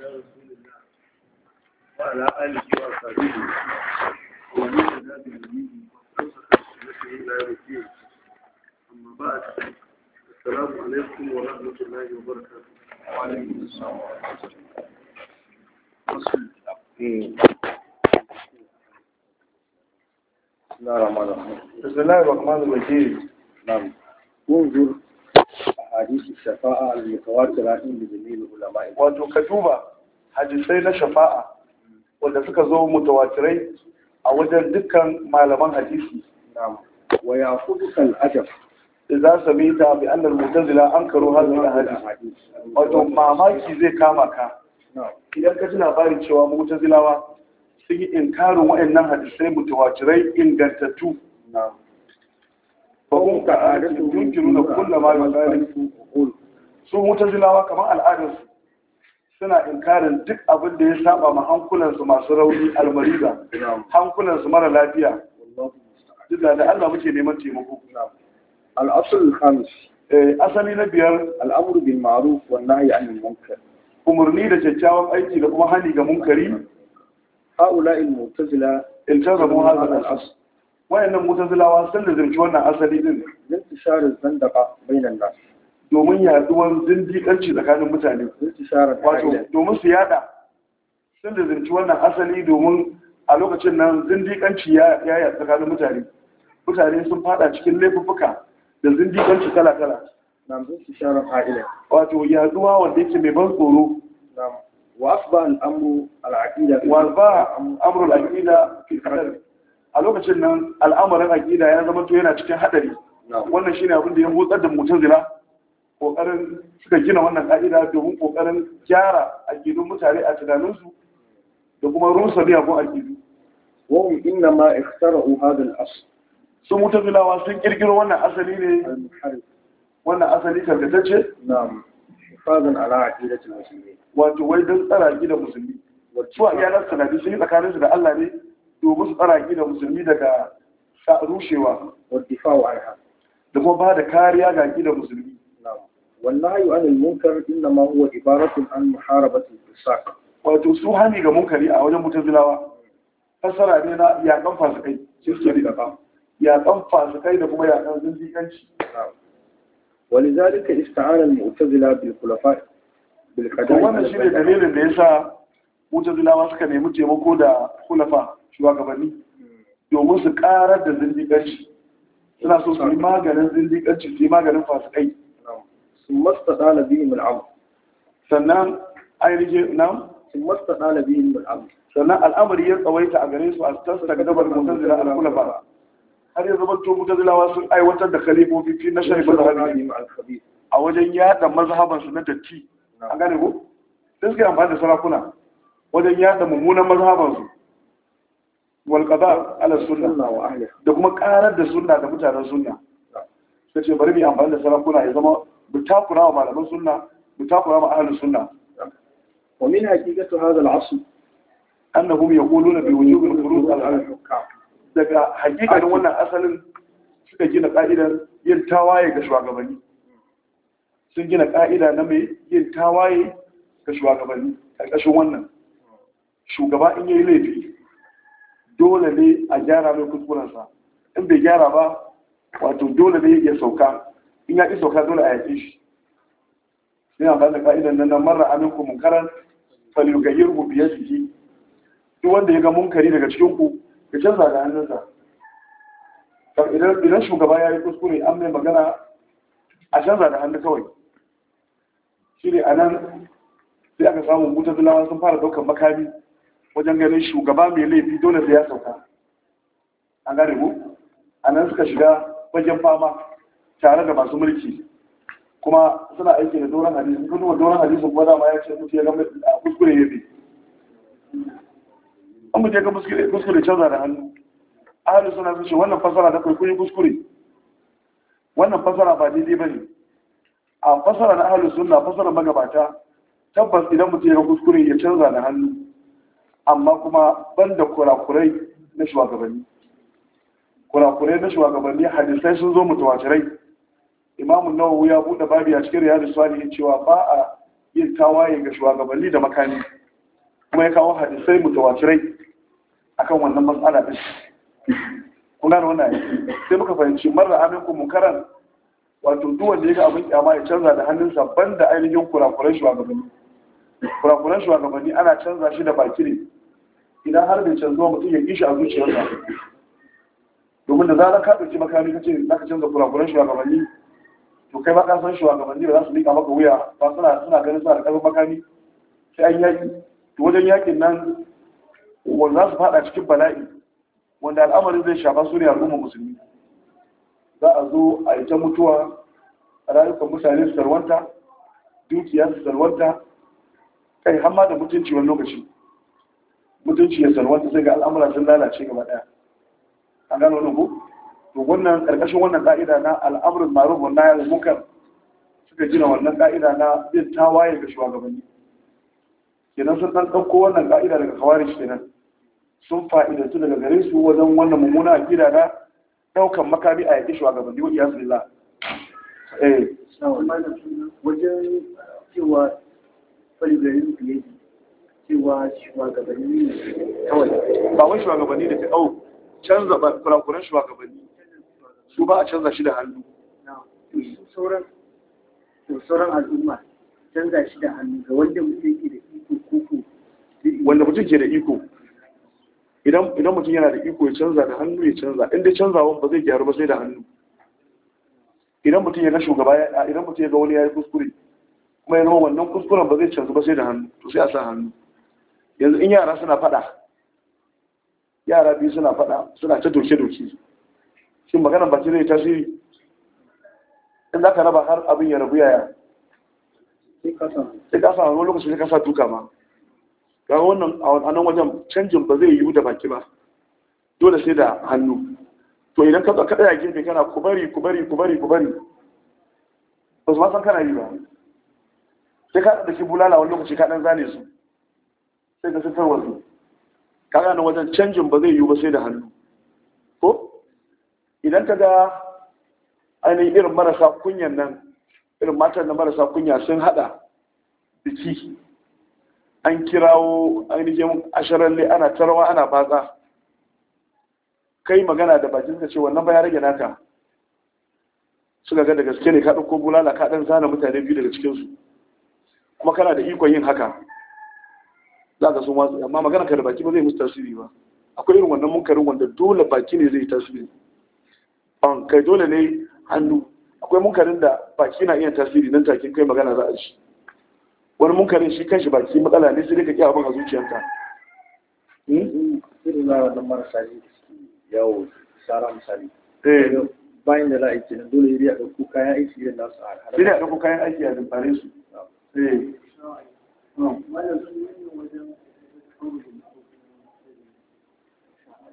على رسول الله وعلى آله وصحبه ومن هدى بهديه واستمسك بسنته إلى يوم الدين أما بعد السلام عليكم ورحمة الله وبركاته وعليكم السلام ورحمة الله بسم الله الرحمن الرحيم بسم الله الرحمن الرحيم نعم انظر ahadith shafa'a al-mutawatira inda jami'in ulama wato ka duba hadisai na shafa'a wanda suka zo mutawatirai a wajen dukkan malaman hadisi wa yaqudu kal ajab idza sabita bi anna al-mu'tazila ankaru hadhihi al-ahadith wato mamaki zai kama ka idan ka ji labarin cewa mu'tazilawa sun yi inkarin waɗannan hadisai mutawatirai ingantattu na'am وهم كعادتهم ينكرون كل ما يخالف عقول su mutazilawa kamar al'adarsu suna inkarin duk abin da ya saba ma hankulansu masu rauni almariza hankulansu mara lafiya duk da Allah muke neman taimako al'asul khamis eh, asali na biyar al'amru bil ma'ruf wan nahyi anil munkar umurni da kyakkyawan aiki da kuma hani ga munkari haula al mu'tazila iltazamu hadha al asl wayannan mutazilawa sun lazimci wannan asali din lintisharin zandaka bainan nas domin yaduwar zindiƙanci tsakanin mutane wato domin su yada sun lazimci wannan asali domin a lokacin nan zindiƙanci ya yaya tsakanin mutane mutane sun fada cikin laifuffuka da zindiƙanci kala-kala Na nam lintisharin ha'ila wato yaduwa wanda yake mai ban tsoro wa ba al'amru al'aqida wa asba amru al'aqida fi qadar a lokacin nan al'amarin aƙida ya zama to yana cikin haɗari wannan shi ne abin da ya motsar da zira. Ƙoƙarin suka gina wannan ƙa'ida domin ƙoƙarin gyara aƙidun mutane a tunaninsu da kuma rusa miyagun aƙidu wahum inna ma ikhtara'u hadha al Sun su mutazilawa sun kirkiro wannan asali ne wannan asali karkatacce na'am ala aqidatil muslimin wato wai don tsara aƙidar musulmi wato iyalan sanadi sun yi tsakaninsu da Allah ne domin su tsara da musulmi daga rushewa da kuma ba da kariya ga gida musulmi Wannan والنهي عن المنكر انما هو an عن محاربه الفساق wato su hani ga munkari a wajen mutazilawa fasara ne na yakan fasikai shirke da daga. yakan fasikai da kuma yakan zindiganci ولذلك استعان المعتزله بالخلفاء بالقضاء wannan shine dalilin da yasa mutazilawa suka nemi taimako da kulafa shugabanni domin su karar da zindiganci suna so su yi maganin zindiganci su yi maganin fasikai su masta ɗalibin mul'am sannan ainihin nan su masta ɗalibin mul'am sannan al'amari ya tsawaita a gare su a tasta dabar mutazila al-kulafa har yanzu zama to mutazilawa sun aiwatar da khalifofi fi na shari'a mazhabin a wajen yada mazhabansu na datti an gane ko sai suka amfani da sarakuna wajen yada mummunan mazhabansu wal qada ala sunna wa da kuma karar da sunna da mutanen sunna sai ce bari mu amfani da sarakuna ya zama mu takura wa malaman sunna mu takura wa ahlus sunna wa min haqiqatu hadha al-asr annahum yaquluna bi wujub al-khuruj al-hukam daga haqiqanin wannan asalin suka gina ka'idar yin tawaye ga shugabanni sun gina ka'ida na mai yin tawaye ga shugabanni a ƙarƙashin wannan shugaba in yi laifi dole ne a gyara mai kuskurensa in bai gyara ba wato dole ne ya sauka in ya ƙi sauka dole a yaƙi shi yana ba da ka'idan nan nan marar aminku munkaran falugayyar mu biyar jiki duk wanda ya ga munkari daga cikin ku ya canza da hannunsa idan shugaba ya yi kuskure an mai magana a canza da hannu kawai shi ne a nan sai aka samu mutazulawa sun fara ɗaukar makami wajen ganin shugaba mai laifi dole sai ya sauka an gane ku a nan suka shiga wajen fama tare da masu mulki kuma suna aiki da doron hadisi kuma kuma doron hadisi kuma dama ya ce mutu ya gama a kuskure ya bi an mutu ya ga kuskure canza da hannu ahalu suna sun ce wannan fasara da kwaikwayo kuskure wannan fasara ba daidai ba ne a fasara na ahalu suna fasara magabata tabbas idan mutu ya ga kuskure ya canza da hannu amma kuma banda kurakurai na shugabanni kurakurai na shugabanni hadisai sun zo mutawatirai imamun nawawi ya bude babi a cikin riyadu salihin cewa ba a yin tawaye ga shugabanni da makami kuma ya kawo hadisai mutawatirai akan wannan matsala din kuna da wannan sai muka fahimci marra aminku munkaran wato duk wanda ya ga abin kyama ya canza da hannunsa banda ainihin kurakuran shugabanni kurakuran shugabanni ana canza shi da baki ne idan har bai canzuwa mutum ya kishi a zuciyarsa domin da zarar ka ɗauki makami ka ce za ka canza kurakuran shugabanni to kai ba ka san shugabanni ba za su miƙa maka wuya ba suna suna ganin suna da ƙarfin makami sai an yaƙi to wajen yaƙin nan wanda za su faɗa cikin bala'i wanda al'amarin zai shafa su ne al'ummar musulmi za a zo a yi ta mutuwa a rayukan mutane su sarwanta dukiya su sarwanta kai hamma da mutunci wani lokaci mutunci ya salwanta sai ga al'amura sun lalace gaba ɗaya. A gano wani ku, to wannan ƙarƙashin wannan ƙa'ida na al'amurin marubu na nahyal muka suka gina wannan ƙa'ida na bin tawaye ga shugabanni kenan sun san ɗauko wannan ƙa'ida daga khawarij kenan sun fa'idantu daga gare su wajen wannan mummuna gida na ɗaukan makami a yaƙi shugabanni wa iyasu lillah eh wajen cewa faligarin fiye cewa shugabanni kawai ba wai shugabanni da ta au oh, canza kurakuran shugabanni su ba a canza shi da hannu sauran sauran al'umma canza shi da hannu ga wanda mutum ke da iko koko wanda mutum ke da iko idan mutum yana da iko ya canza da hannu ya canza inda canzawan ba zai gyaru ba sai da hannu idan mutum ya ga shugaba idan mutum ya ga wani ya yi kuskure kuma ya zama wannan kuskuren ba zai canzu ba sai da hannu to sai a sa hannu yanzu in yara suna fada yara biyu suna fada suna ta doke-doke shi maganan baki zai tasiri in za ka raba har abin ya rabu yaya sai kasa samu wani lokacin sai kasa duka ma ga wannan a nan wajen canjin ba zai yiwu da baki ba dole sai da hannu to idan ka kaɗa ya gefe kana kubari kubari kubari kubari ba su ma san kana yi ba sai ka ki bulala wani lokaci ka ɗan zane su sai ka sun wasu kaga na wajen canjin ba zai yiwu ba sai da hannu ko idan ka ga ainihin irin marasa kunyan nan irin matan da marasa kunya sun hada biki an kirawo ainihin ne, ana tarwa ana batsa kai magana da bakin ka ce wannan ba ya rage naka suka ga da gaske ne ka ɗauko bulala kaɗan ɗan zana mutane biyu daga cikinsu kuma kana da ikon yin haka za ka so masu amma magana ka da baki ba zai musu tasiri ba akwai irin wannan munkarin wanda dole baki ne zai tasiri ban kai dole ne hannu akwai munkarin da baki na iya tasiri nan take kai magana za a ci wani munkarin shi kanshi baki matsala ne sai dai ka kiyaye abin a zuciyanka hmm? irin na wannan marasa ji da yawo sara misali eh. bayan da za a yi nan dole ya ɗauko kayan aiki irin nasu a halar. Sai ɗauko kayan aiki a dimfare su.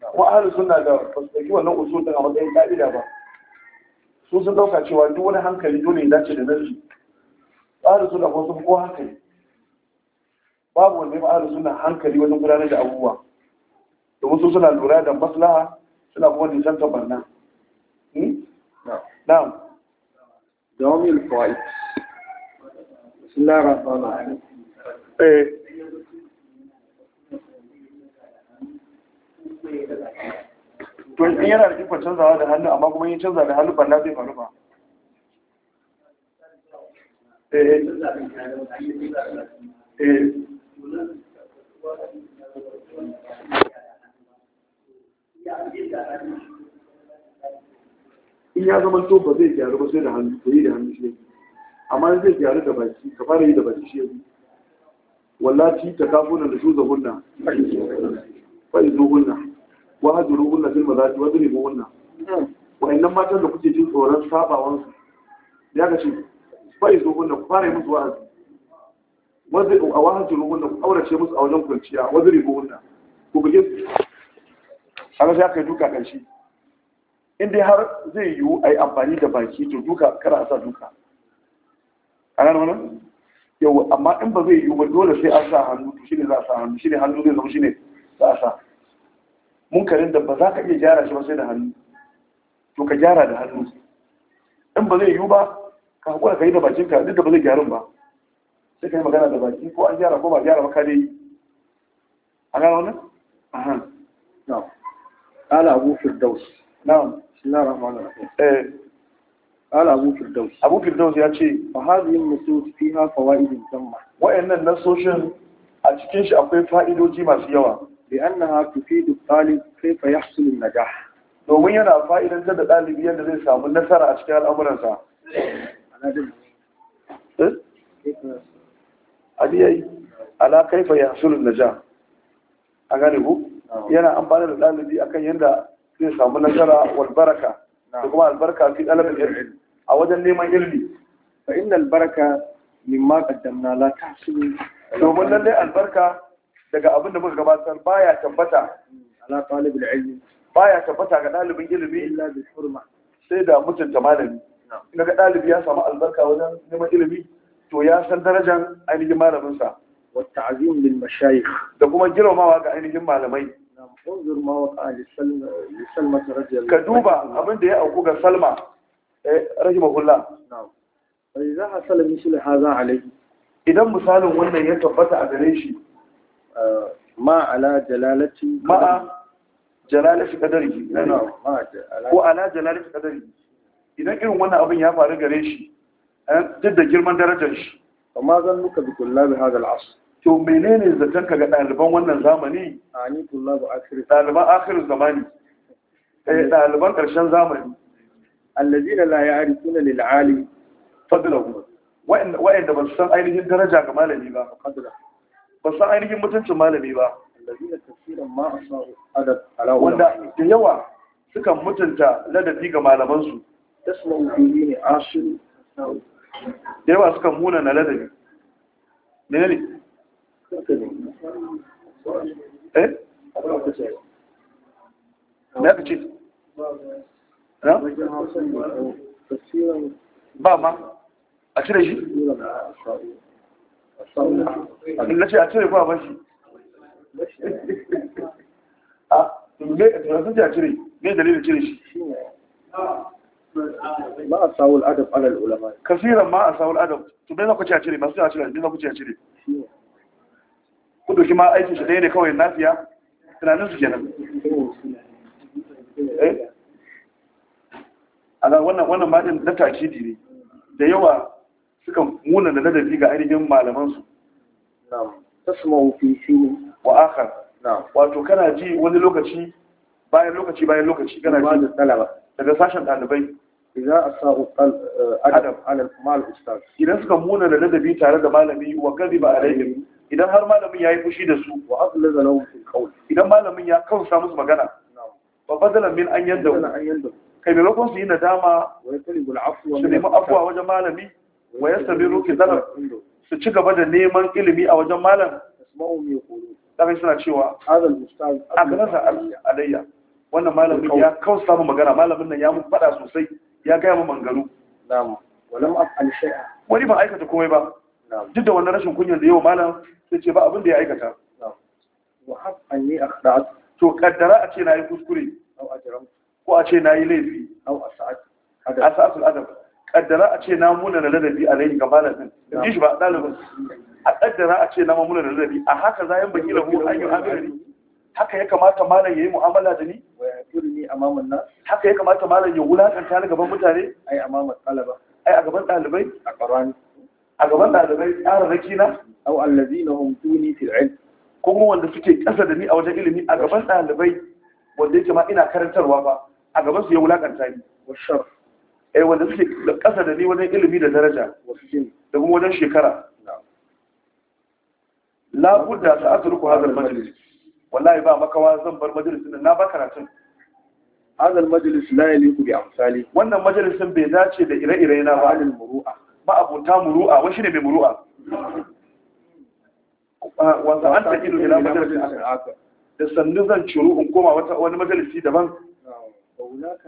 kuma suna da fasdaki wannan usul din a matsayin ka'ida ba su sun dauka cewa duk wani hankali dole ya dace da nazi ahalin suna kuma sun ko hankali babu wanda ya suna hankali wajen gudanar da abubuwa domin su suna lura da maslaha suna kuma nisanta barna hmm? na'am dawamil fa'i بسم الله الرحمن الرحيم kuskure da to in yana da ikon canzawa da hannu amma kuma yin canza da hannu balla zai faru ba eh, eh. in ya zama to ba zai gyaru ba sai da hannu ko yi da hannu shi amma zai gyaru da baki ka fara yi da baki shi yanzu wallahi ta kafuna da su zahunna fa'izuhunna wa hajruhunna fil mazaji wa dribuhunna hmm. wa innan matan da kuke jin tsoron sabawan su ya ga shi fa izo hunna ku fara musu wa'azi wa zai a wa hajruhunna ku aurace musu a wajen kwanciya wa dribuhunna ku buge su kaga sai aka duka karshe in dai har zai yiwu a yi amfani da baki to duka kada a sa duka a nan wani yau amma in ba zai yiwu ba dole sai an sa hannu to shine za a sa hannu shi ne hannu zai zama shine za a sa munkarin da ba za ka iya gyara shi ba sai da hannu to ka gyara da hannu in ba zai yiwu ba ka haƙura ka yi da bakin ka duk da ba zai gyarun ba sai ka yi magana da baki ko an gyara ko ba gyara ba ka dai a gano wannan? Ahan. na ala abu firdaus na bismillahir rahmanir rahim eh ala abu firdaus abu firdaus ya ce fa hadhihi nusus fiha fawaidun nan wa'annan nasoshin a cikin shi akwai fa'idoji masu yawa لأنها تفيد الطالب كيف يحصل النجاح domin yana fa'idantar da ɗalibi yadda zai samu nasara a cikin al'amuransa. Adiyai, ala kaifa ya sulun na ja, a gane ku? Yana amfani da ɗalibi akan yadda zai samu nasara walbaraka da kuma albarka fi ɗalibin ilmi a wajen neman ilmi. Fa inda albarka min ma kaddamna la ta domin lallai albarka daga abin da muka gabatar baya tabbata ala talibul ilmi baya tabbata ga dalibin ilimi illa bi hurma sai da mutunta malami kaga dalibi ya samu albarka wajen neman ilimi to ya san darajar ainihin malamin sa wa ta'zim lil mashayikh da kuma girmamawa ga ainihin malamai Ka duba وقع ya auku ga Salma أبن eh, rahimahullah أقوك سلمة رحمه الله نعم فإذا حصل مثل هذا ma ala jalalati ma jalalati kadari ko ala jalalati kadari idan irin wannan abin ya faru gare shi eh, duk da girman darajar shi amma zan nuka bi kullabi hadal asr to menene zaton ka ga ɗaliban wannan zamani ani kullabi akhir ɗaliban akhir zamani eh ɗaliban ƙarshen zamani allazina la ya'rifuna lil fadlahu wa'anda ba su san ainihin daraja ga malami ba fadlahu ba san ainihin mutuncin malami ba wanda da yawa suka mutunta ladabi ga malamansu da yawa suka muna na ladabi ne eh ce ba ma a cire shi na ce a cire ko a bashi a ah, sun ce a cire ne dalilin cire shi ma a sawul adab alal ulama kasiran ma a sawul adab to me za ku ce a cire masu a cire me za ku ce a cire ku doki ma aikin shi ɗaya ne kawai nafiya tunanin su kenan eh ala wannan wannan ma din na takidi ne da yawa suka muna da ladabi ga ainihin malamansu wa akhar wato kana ji wani lokaci bayan lokaci bayan lokaci kana ji daga sashen ɗalibai idan sa eh, adab adam alal ustaz idan suka muna da ladabi tare da malami wa kadiba alaihim idan har malamin ya yi fushi da su wa azlaza lahum fil qawl idan malamin ya kausa musu magana wa badalan min an yadda kai lokacin su yi nadama su nemi afuwa wajen malami wa yastabiru kidalan su ci gaba da neman ilimi a wajen malam asma'u mai koyo daga suna cewa hadal ustaz akrasa alayya wannan malamin ya kawo mu magana malamin nan ya mun fada sosai ya gaya mu mangaro. na'am walam af'al shay'a wani ba aikata komai ba duk da wannan rashin kunyar da yau malam sai ce ba abin da ya aikata wa haqqan ni akhda'at to kaddara a ce na yi kuskure ko a ce na yi laifi au asa'at asa'atul adab kaddara a ce na muna na ladabi a rai ga malamin in ji shi ba ɗalibin a kaddara a ce na muna na ladabi a haka za baki da mu an yi hankali haka ya kamata malam ya yi mu'amala da ni haka ya kamata malam ya wulakanta ni gaban mutane ai a gaban ɗalibai a ƙarani a gaban ɗalibai tsara rakina au allazina hum tuni fil ilm kuma wanda suke ƙasa da ni a wajen ilimi a gaban ɗalibai wanda yake ma ina karantarwa ba a gaban su ya wulakanta ni wa shar ai eh, wanda suke da ƙasa da ni wajen ilimi da daraja da kuma wajen shekara la budda sa atruku hadal majlis wallahi ba makawa zan bar majlis nan na ba karatun hadal majlis la yaliku bi amsali wannan majalisin bai dace da ire-ire na ba alil muru'a ba abota muru'a wani shine mai muru'a ah, wanda an ta ido ila majalisin da sannu zan ciru in koma wani majalisi daban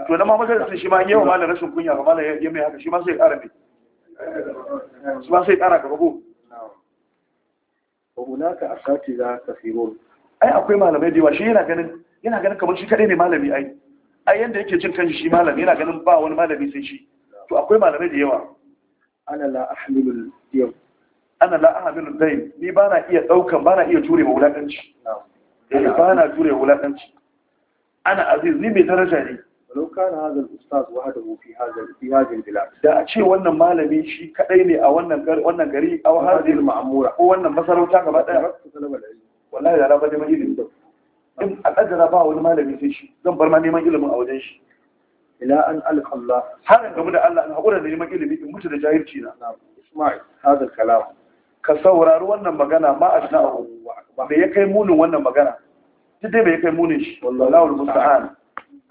to na ma da shi ma yawa malam rashin kunya ga malam ya mai haka shi ma sai ƙara mai shi ma sai ƙara gaba ko hunaka ka firo ai akwai malamai da yawa shi yana ganin yana ganin kamar shi kadai ne malami ai ai yanda yake cin kanshi shi malami yana ganin ba wani malami sai shi to akwai malamai da yawa ana la ahmilu yau ana la ahmilu dai ni ba na iya daukan ba na iya ture ma wulakanci eh, ba na jure wulakanci ana aziz ni mai daraja ne لو كان هذا الأستاذ وحده في هذا في هذه البلاد da a ce wannan malami shi kadai ne a wannan gari wannan gari aw hadhihi al-ma'mura ko wannan masarauta gaba daya wallahi da rafa neman ilimi in a kaddara ba wani malami sai shi zan bar ma neman ilimin a wajen shi ila an alqa Allah har in gamu da Allah in hakura da neman ilimi in mutu da jahilci na Isma'il hada kalam ka saurari wannan magana ma a asna'u me ya kai munin wannan magana duk dai bai kai munin shi wallahi musta'an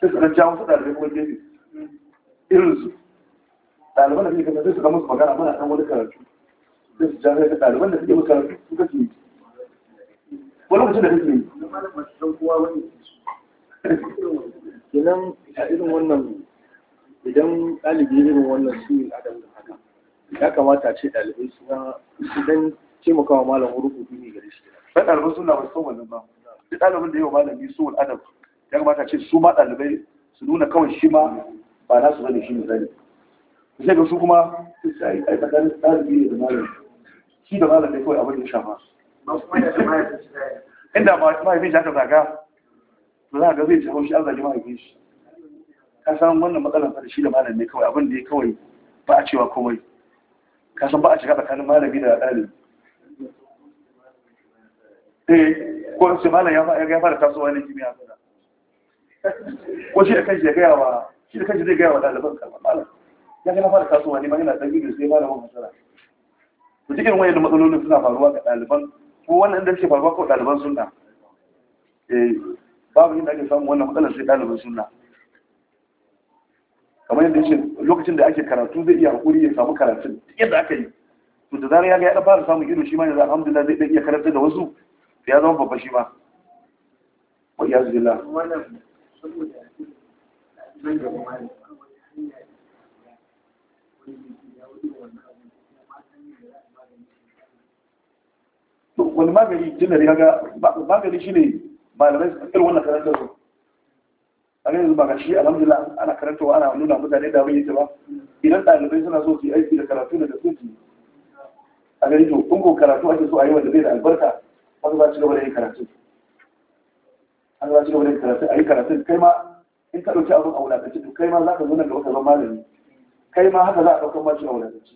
sai su ja wasu ɗalibai kuma gefe irin su ɗaliban da suke kasa sai su ga musu magana mana ɗan wani karatu sai su ja sai ga ɗaliban da suke musu karatu su kake yi wani mutum da kake yi kenan a irin wannan idan ɗalibi irin wannan su yi adam haka ya kamata ce ɗalibai su na su dan taimakawa malam wurin hudu ne gare shi ɗalibai suna ba san wannan ba duk ɗalibin da yawa malami su adab ya kamata ce su ma ɗalibai su nuna kawai shi ma ba na su zane shi misali sai ga su kuma sai ai tsakanin ɗalibi ne da malam. shi da ne kawai abin da shafa inda mahaifin shi aka zaga to za a ga zai ci shi an zagi mahaifin shi ka san wannan matsalar da shi da malam ne kawai abin da ya kawai ba a cewa komai ka san ba a shiga tsakanin malami da ɗalibi eh ko sai malam ya fara tasowa ne kimiyya ko shi da kanshi ya gaya wa shi da kanshi zai gaya wa ɗaliban kalmar malam ya ga na fara kasuwa ne ma yana ɗan idris sai malamin masara to cikin wayan matsalolin suna faruwa ga ɗaliban ko wannan da ke faruwa ko ɗaliban sunna eh babu inda ake samun wannan matsalar sai ɗaliban sunna kamar yadda ce lokacin da ake karatu zai iya hakuri ya samu karatun yadda aka yi to da zarar ya ga ya fara samun ido shi ma yanzu alhamdulillah zai iya karanta da wasu ya zama babba shi ma wa iyazu billah wannan wani magani jin da kaga magani shine malamai su kakar wannan karantar su a yanzu ba ga shi alhamdulillah ana karantawa ana nuna mutane da wani ba idan ɗalibai suna so su yi aiki da karatu da su a gani to kun karatu ake so a yi wanda zai da albarka wasu za su gaba da yin karatu an za ci gaba da karatun a yi karatun kai ma in ka ɗauki abin a wulakanci to kai ma za ka zo nan da wata zama malami kai ma haka za a ɗaukar mashi a wulakanci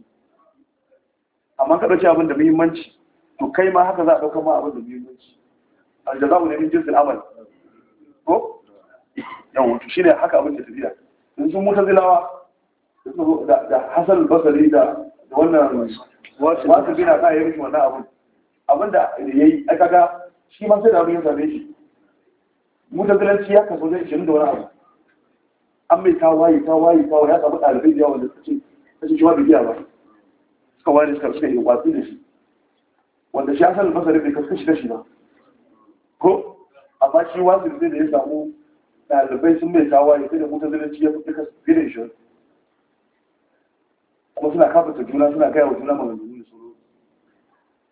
amma ka ɗauki abin da muhimmanci to kai ma haka za a ɗaukar ma abin da muhimmanci aljaza'u ne min jinsin amal ko yawon shi ne haka abin da tafiya in sun mutu zilawa da hasan basari da wannan wasu gina sa ya rufe wannan abin abin da ya yi aka ga shi ma sai da abin ya same shi mutazilanci ya kaso zai ishirin da wani abu an mai tawaye tawaye tawaye ya samu ɗalibai da yawa da suke rashin shi ma bai biya ba suka ware suka suka yi watsi da shi wanda shi asalin masarin bai kasu kashi ba ko amma shi wasu zai da ya samu ɗalibai sun mai tawaye sai da mutazilanci ya fi kasu fiye da ishirin kuma suna kafata juna suna gaya wa juna maganganu da su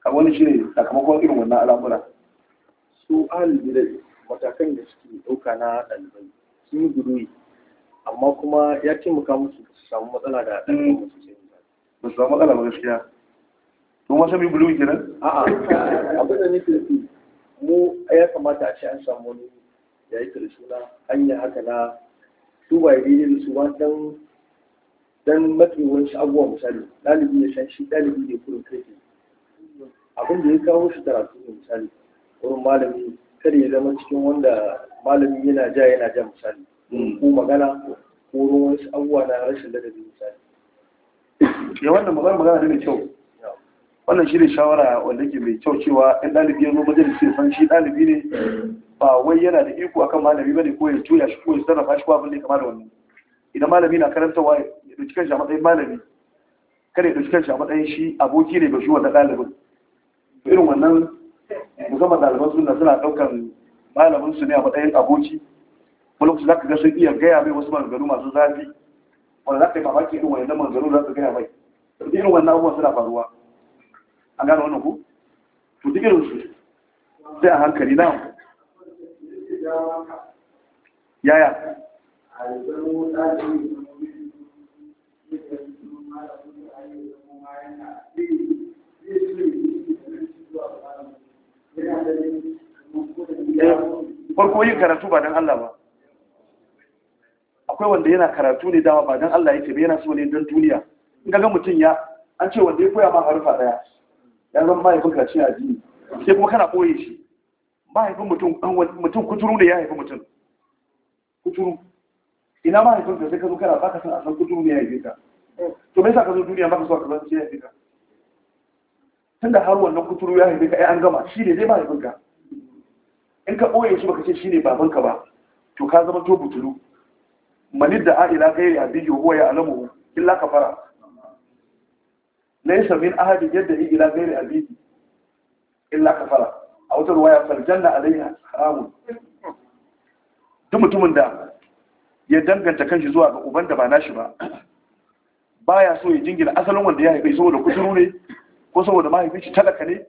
a wani shi ne sakamakon irin wannan al'amura su alibidai matakan da suke ɗauka na ɗalibai sun yi guduwi amma kuma ya taimaka musu su samu matsala da ɗalibai masu sai ba su samu matsala ba gaskiya to ma sami guduwi nan? a'a abin da nake nufi mu ya kamata a ce an samu wani ya yi da suna hanya haka na su ba ya daidai da su ba dan dan matsewar shi abubuwa misali ɗalibi ya san shi ɗalibi ne kurin kai abin da ya kawo shi karatu ne misali wurin malami kada ya zama cikin wanda malamin yana ja yana ja misali hmm. ko magana ko ruwan wasu abubuwa na rashin ladabi misali ya wannan magana magana ne kyau wannan shi ne shawara wanda ke mai kyau cewa ɗan ɗalibi ya zo majalisi ya san shi ɗalibi ne ba wai yana da iko akan malami bane ko ya juya shi ko ya sarrafa shi ko abin da ya kama da wannan idan malami na karantarwa ya ɗauki kanshi a matsayin malami kada ya ɗauki kanshi a matsayin shi aboki ne ba shi wannan ɗalibin irin wannan musamman ɗaliban suna suna ɗaukar malamin su ne a matsayin aboci wani kusa za ka ga sun iya gaya mai wasu maganganu masu zafi wanda za ka yi mamaki irin wani maganganu za su gaya mai irin wannan abubuwan suna faruwa an gano wannan ku to duk irin su sai a hankali na yaya farko yin karatu ba don Allah ba akwai wanda yana karatu ne dama ba don Allah yake ba yana so ne don duniya in ga mutum ya an ce wanda ya koya ma harfa daya ya zama mahaifin kaci a jini sai kuma kana koye shi mahaifin mutum mutum kuturu ne ya haifi mutum kuturu ina mahaifin ka sai ka zo kana baka san a san kuturu ne ya haife ka to me yasa ka zo duniya baka so ka san ya haife ka tun da har wannan kuturu ya haife ka ai an gama shi ne zai ba mahaifinka in ka ɓoye shi baka ce shi ne babanka ba to ka zama to butulu manid da a'ila gairi abiyu huwa ya alamu illa kafara laysa min ahadin yadda yi ila gairi abiyu illa kafara a wata ruwaya faljanna alaiha haramun duk mutumin da ya danganta kanshi zuwa ga uban da ba nashi ba baya so ya jingina asalin wanda ya haifi saboda kuturu ne ko saboda mahaifin shi talaka ne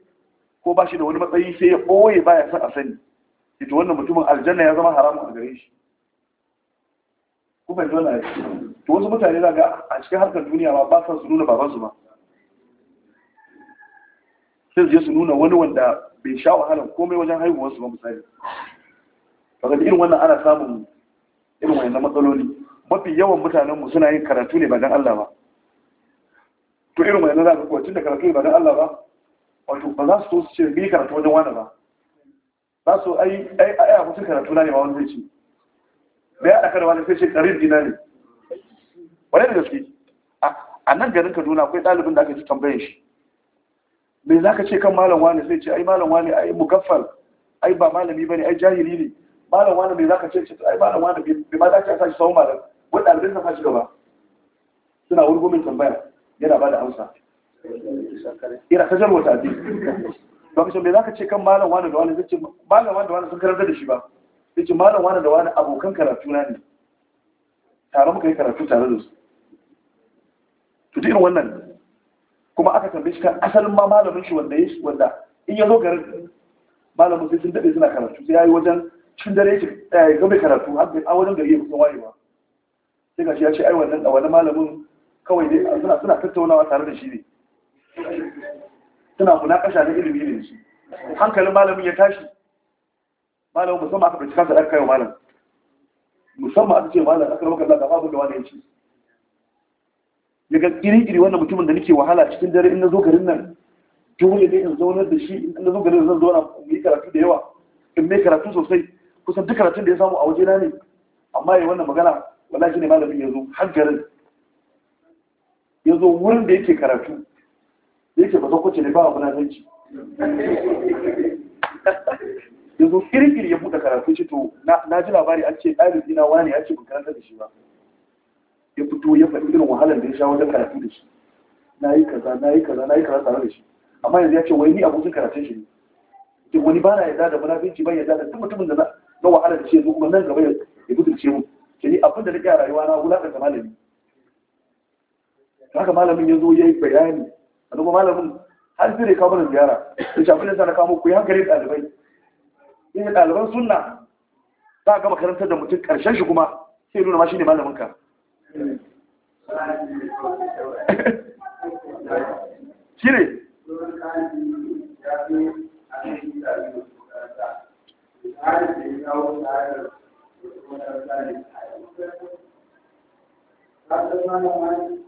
ko ba shi da wani matsayi sai ya ɓoye baya son a sani ita wannan mutumin aljanna ya zama haramun a gare shi kuma yanzu zo na to wasu mutane za ga a cikin harkar duniya ba ba sa su nuna babansu ba. sai su je su nuna wani wanda bai sha wahalar komai wajen haihuwarsu ba misali daga irin wannan ana samun irin wannan matsaloli mafi yawan mutanenmu suna yin karatu ne ba don Allah ba to irin wannan za ka kuwa tun da karatu ba na Allah ba wato ba za su su ce bi karatu wajen wani ba za su ai ai ai a mutum karatu na ne ba wani zai ce da ya ɗaka da wani sai ce ɗarin dina ne wani da gaske a nan garin kaduna akwai ɗalibin da aka ji tambaye. shi me za ka ce kan malam wani sai ce ai malam wani ai mugaffal ai ba malami ba ne ai jahili ne malam wani me za ka ce ai malam wani bai ma za ka sa shi sawun malam wani ɗalibin sa fashi gaba suna wurgumin tambaya yana ba da amsa ira ta jarwa ta bi ba ka me za ka ce kan malam wani da wani zai ce malam wani da wani sun karanta da shi ba zai ce malam wani da wani abokan karatu na ne tare muka yi karatu tare da su to irin wannan kuma aka tambaye shi kan asalin ma malamin shi wanda ya wanda in ya zo garin malamin sai sun daɗe suna karatu sai ya yi wajen cikin dare shi eh, ya gabe karatu har a wajen gari ya kusa wayewa sai ga shi ya ce ai wannan a wani malamin kawai dai suna suna tattaunawa tare da shi ne suna kasha da ilimi ne shi hankalin malamin ya tashi malamin musamman aka bincika da aka kai malam musamman aka ce malam aka rawa kaza babu da wani ya ci ya ga iri-iri wannan mutumin da nake wahala cikin dare in na zo garin nan dole ne in zaunar da shi in na zo garin zan zauna mu yi karatu da yawa in mai karatu sosai kusan duk karatun da ya samu a wajena ne amma ya wannan magana wallahi ne malamin ya zo har garin ya zo wurin da yake karatu yake ba kwace ne ba abu na zanci ya zo kirkir ya buɗe karatu shi to na ji labari an ce ɗalibi na wani ya ce ban karanta da shi ba ya fito ya faɗi irin wahalar da ya sha wajen karatu da shi na yi kaza na yi kaza na yi kaza tare da shi amma yanzu ya ce wai ni abokin karatun shi ne to wani ba na yarda da munafinci ba yarda da duk mutumin da na wahala da shi zo kuma nan gaba ya gudu ce mu ke ni abin da na a rayuwa na wulaƙanta malami haka malamin ya zo ya yi bayani a kuma malamin har sai kawo mana ziyara da shafi da sana kawo ku yi hankali ɗalibai in yi ɗaliban sunna za a gama karanta da mutum ƙarshen shi kuma sai nuna ma shi ne malamin ka shi Thank you.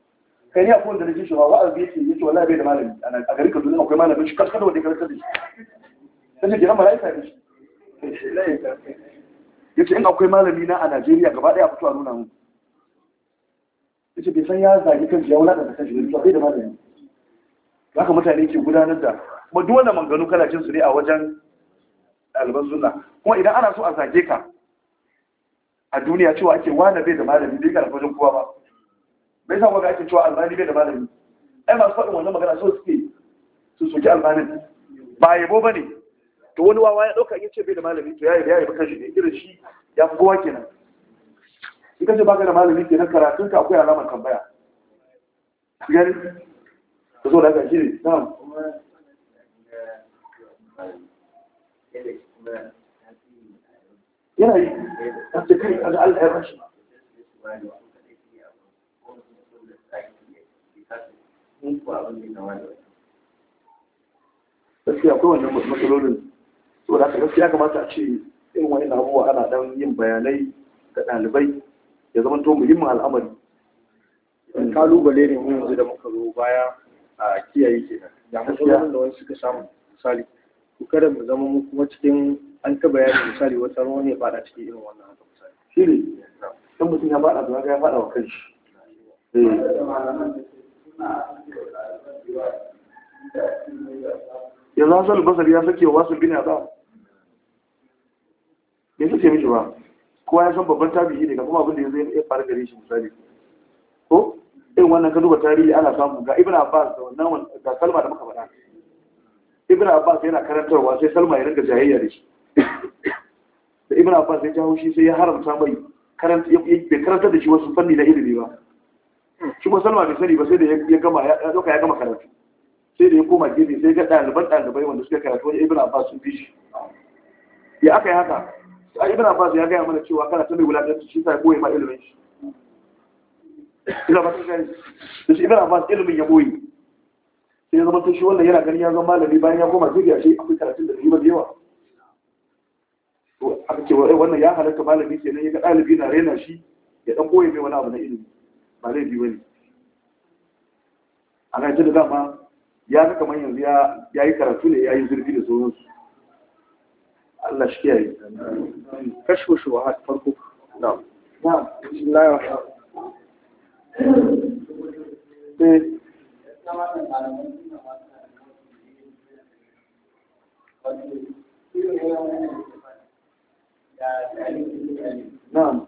kai ne akwai da nake shi ba wa'azi yake yake wallahi bai da malami a garin Kaduna akwai malamin shi kaskada wanda ya karanta da shi sai ke nan malaika ne shi yace in akwai malami na a Najeriya gaba daya fito a nuna mu yace bai san ya zagi kan jiya, wulaka da kanshi ne bai da malami haka mutane ke gudanar da kuma duk wannan manganu kala jin su ne a wajen ɗaliban sunna kuma idan ana so a zage ka a duniya cewa ake wane bai da malami bai karanta wajen kowa ba me yasa wanda ake cewa albani bai da malami ai masu faɗin wannan magana so suke su soki albanin ba yabo ba ne to wani wawa ya ɗauka in ce bai da malami to ya yi ya yi shi ne irin shi ya fi kowa kenan in ka ce baka da malami kenan karatun ka akwai alamar tambaya gani ka zo da haka shi ne na'am yana yi a cikin al'ayyar rashin in gaskiya akwai wannan matsalolin saboda haka gaskiya kamata a ce irin wani abubuwa ana dan yin bayanai ga ɗalibai ya zama to muhimmin al'amari kalubale ne mun yanzu da muka zo baya a kiyaye kenan. da matsalolin da wani suka samu misali to kada mu zama mu kuma cikin an ta bayani misali wata ruwan ya fada cikin irin wannan haka misali shi ne dan mutum ya fada to ya fada wa kanshi eh. yanzu su basar ya sake wa wasu bina ba ya suke mishi ba kowa ya san babban tabi'i ne ga kuma abin da ya zai ya fara gare shi misali ko irin wannan ka duba tarihi ana samu ga ibn abbas da wannan ga salma da muka faɗa ibn abbas yana karantarwa sai salma ya rinka jayayya da shi da ibn abbas ya jawo shi sai ya haramta mai karanta bai karanta da shi wasu fanni na ilimi ba shi ko salma bai sani ba sai da ya gama ya zo ya gama karatu sai da ya koma gefe sai ga ɗaliban ɗalibai wanda suka karatu wani ibn abbas sun fi shi ya aka yi haka a ibn abbas ya gaya mana cewa kana ta mai wulaƙanci shi sai ya koyi ma ilimin shi ina ba ta da shi ibn abbas ilimin ya koyi sai ya zama ta shi wannan yana gani ya zama malami bayan ya koma gefe a shi akwai karatun da ba yawa aka ce wannan ya halatta malami nan ya ga ɗalibi na rena shi ya ɗan koyi mai wani abu na ilimi ba laifi ba ne a kan da dama ya ga kamar yanzu ya yi karatu ne ya yi zurfi da sauransu Allah shi ya yi kashe shi wa farko na na cikin layar Na'am.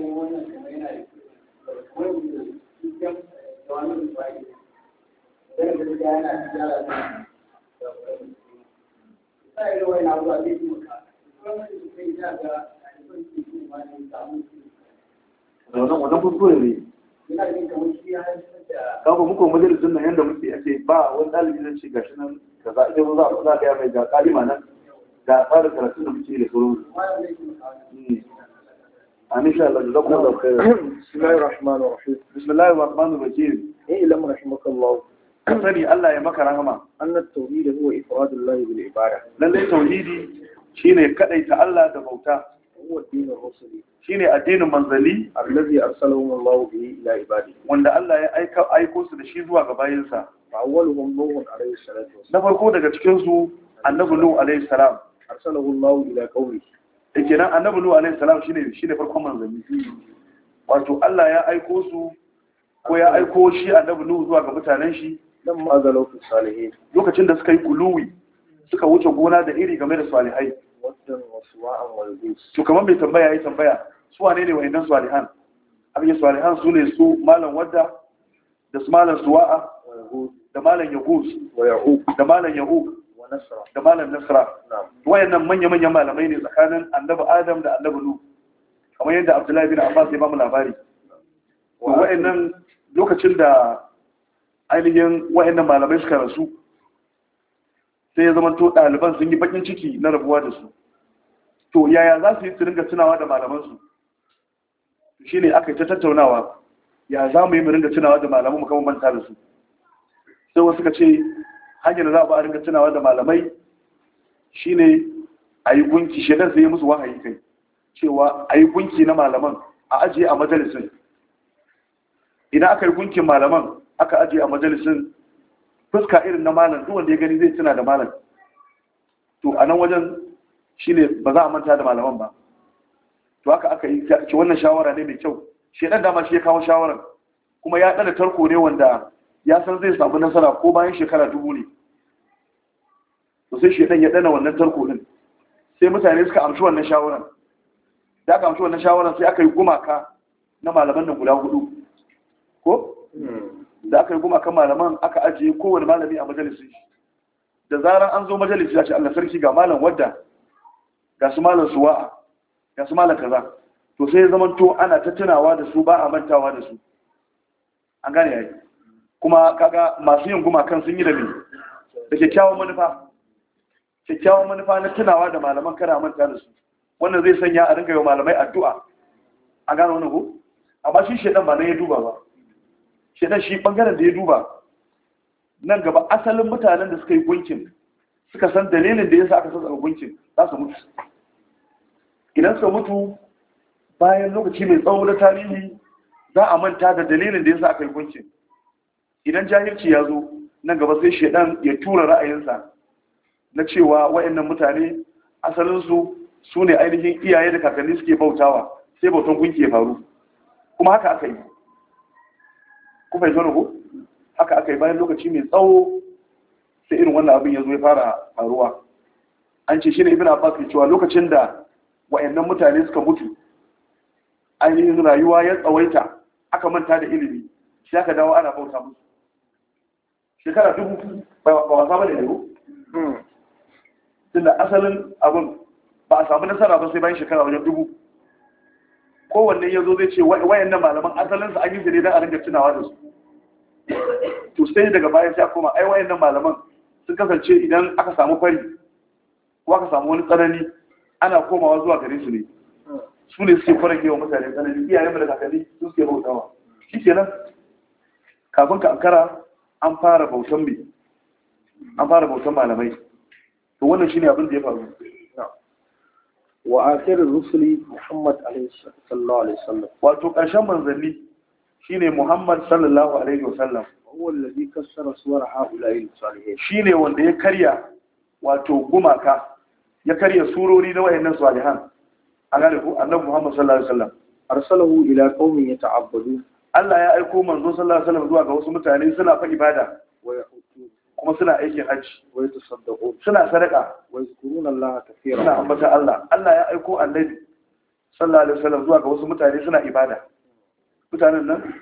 yi wannan kamar yana da wani da da wani da ba zai da ya yana tijara da sai da wani abu a zai kuma ka kuma kai da ga ɗaliban ke kuma ne samu su wannan wannan kuskure ne yana jin kamar shi ya haifar da muku majalisun nan yadda muke ake ba wani ɗalibi zai ce gashi nan ka za a ita za a ga ya mai ga kalima nan ga tsarin karatun da muke da sauran آمين شاء الله جزاكم الله خير بسم الله الرحمن الرحيم بسم الله الرحمن الرحيم إيه لم رحمك الله sani Allah ya maka rahama annat tauhid huwa ifrad Allah bil ibada lalle tauhidi shine kadaita Allah da bauta huwa dinin rusuli shine addinin manzali allazi arsalahu Allah bihi ila ibadi wanda Allah ya aika aiko su da shi zuwa ga bayinsa awwaluhum nuh alayhi salatu na farko daga cikin su annabi nuh alayhi salam arsalahu Allah ila qaumihi da ke nan annabi nuwa alaihi salam shine shine farkon manzanni wato Allah ya aiko su ko ya aiko shi annabi nuwa zuwa ga mutanen shi dan mazalau fi salihin lokacin da suka yi kuluwi suka wuce gona da iri game da salihai wadan wasuwa'an to kamar mai tambaya yayi tambaya su wane ne wayannan salihan abin salihan su ne su malam wadda da su malam suwa'a da malam yahuz da malam yahuz da malam nasra wayannan manya-manyan malamai ne tsakanin annabi adam da annabi nu kamar yadda abdullahi bin abbas ya ba mu labari wayannan lokacin da ainihin wayannan malamai suka rasu sai ya zamanto ɗaliban sun yi bakin ciki na rabuwa da su to yaya za su yi su ringa tunawa da malamansu shi ne aka yi ta tattaunawa ya za mu yi mu ringa tunawa da malamanmu kamar manta da su sai wasu ka ce hanyar da za a ba a rinka tunawa da malamai shine a yi gunki shaidan sai yi musu wahayi kai cewa a yi gunki na malaman a ajiye a majalisun idan aka yi gunkin malaman aka ajiye a majalisun fuska irin na malam duk wanda ya gani zai tuna da malam to a nan wajen shine ba za a manta da malaman ba to haka aka yi ki wannan shawara ne mai kyau shaidan dama shi ya kawo shawaran kuma ya ɗana tarko ne wanda ya san zai samu nasara ko bayan shekara dubu ne to sai shi ya dana wannan tarko din sai mutane suka amshi wannan shawaran da aka amshi wannan shawaran sai aka yi gumaka na malaman nan guda hudu ko da aka yi gumakan malaman aka ajiye kowane malami a majalisi. shi da zarar an zo majalisi a ce Allah sarki ga malam wadda ga su malam suwa ga su malam kaza to sai zaman to ana tattunawa da su ba a mantawa da su an gane yayi kuma kaga masu yin gumakan sun yi da mini da kyakkyawan manufa kyakkyawan manufa na tunawa da malaman kana manta da su wannan zai sanya a dinga yi malamai addu'a a gano wani ko amma shi shedan ba na ya duba ba shedan shi bangaren da ya duba nan gaba asalin mutanen da suka yi gunkin suka san dalilin da yasa aka sassa gunkin za su mutu idan suka mutu bayan lokaci mai tsawo na tarihi za a manta da dalilin da yasa aka yi gunkin idan jahilci ya zo nan gaba sai shedan ya tura ra'ayinsa na cewa wayannan mutane asalinsu su ne ainihin iyaye da kakanni suke bautawa sai bautan gunki ya faru kuma haka aka yi kuma ya zo ko haka aka yi bayan lokaci mai tsawo sai irin wannan abin ya zo ya fara faruwa an ce shi ne ibn abbas ke cewa lokacin da wayannan mutane suka mutu ainihin rayuwa ya tsawaita aka manta da ilimi sai aka dawo ana bauta musu shekara dubu ba wasa ba ne da yau hmm. tunda asalin abin ba a samu nasara ba sai bayan shekara wajen dubu kowanne ya zo zai ce wayannan malaman asalinsa an yi su ne don a ringa tunawa da su to sai daga bayan sai koma ai wayannan malaman sun kasance idan aka samu fari ko aka samu wani tsanani ana komawa zuwa gare su ne su ne suke kwarage wa mutane tsanani iyayen da kakanni su suke bautawa kenan kafin ka ankara an fara bautan mai an fara bautan malamai to wannan shine abin da ya faru wa akhirin rusuli muhammad sallallahu alaihi wasallam wato ƙarshen manzanni shine muhammad sallallahu alaihi wasallam huwa alladhi kassara suwar haula'i salihin shine wanda ya karya wato gumaka ya karya surori na wayannan salihan a gane ku annabi muhammad sallallahu alaihi wasallam arsalahu ila qaumin yata'abbadu Allah ya aiko manzo sallallahu alaihi wasallam zuwa ga wasu mutane suna fa ibada kuma suna aikin hajji wa yatasaddaqu suna sadaqa wa yazkuruna Allah kaseera suna ambata Allah Allah ya aiko annabi sallallahu alaihi wasallam zuwa ga wasu mutane suna ibada mutanen nan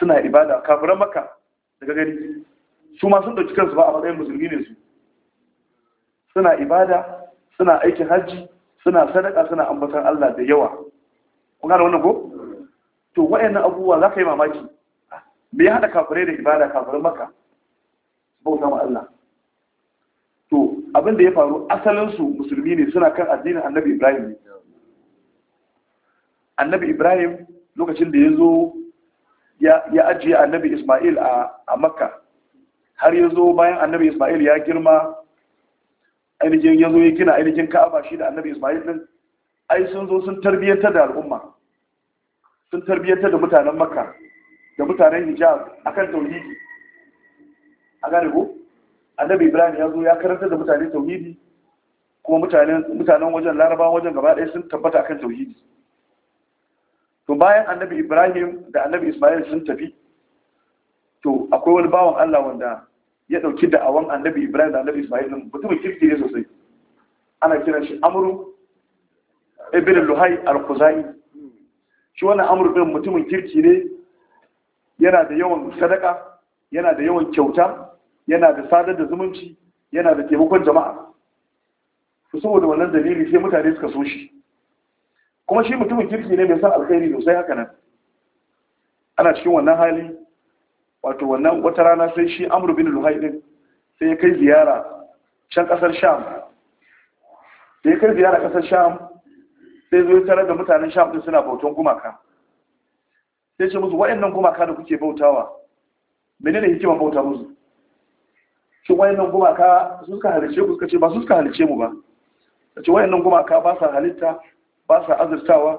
suna ibada kafiran makka daga gani su ma sun dauki kansu ba a matsayin musulmi ne su suna ibada suna aikin hajji suna sadaka suna ambatan Allah da yawa kun ga wannan ko to waɗannan abubuwa za ka yi mamaki me ya haɗa kafirai da ibada kafirin maka bauta ma Allah to abin da ya faru asalinsu musulmi ne suna kan addinin annabi ibrahim annabi ibrahim lokacin da ya zo ya ajiye annabi ismail a makka har ya zo bayan annabi ismail ya girma ainihin ya zo ya gina ainihin ka'aba shi da annabi ismail din ai sun zo sun tarbiyyantar da al'umma sun tarbiyyantar da mutanen makka da mutanen hijab akan tauhidi a gane ku! annabi ibrahim ya zo ya karanta da mutane tauhidi kuma mutanen wajen laraba wajen gaba ɗaya sun tabbata akan tauhidi to bayan annabi ibrahim da annabi ismail sun tafi to akwai wani bawan allah wanda ya ɗauki da'awan annabi ibrahim da annabi ismail ɗin mutumin kirki ne sosai ana kiran shi amuru ibn luhai al kuzai shi wannan amur mutumin kirki ne yana da yawan sadaka yana da yawan kyauta yana da sadar da zumunci yana da taimakon jama'a Su saboda wannan dalili sai mutane suka so shi kuma shi mutumin kirki ne mai san alkhairi sosai haka nan ana cikin wannan hali wato wannan wata rana sai shi amru bin luhai din sai ya kai ziyara can kasar sham da ya kai ziyara kasar sham sai zo tarar da mutanen shafin suna bautan gumaka sai ce musu waɗannan gumaka da kuke bautawa menene hikima bauta musu shi waɗannan gumaka su suka halice ku suka ce ba su suka halice mu ba da ce waɗannan gumaka ba sa halitta ba sa azurtawa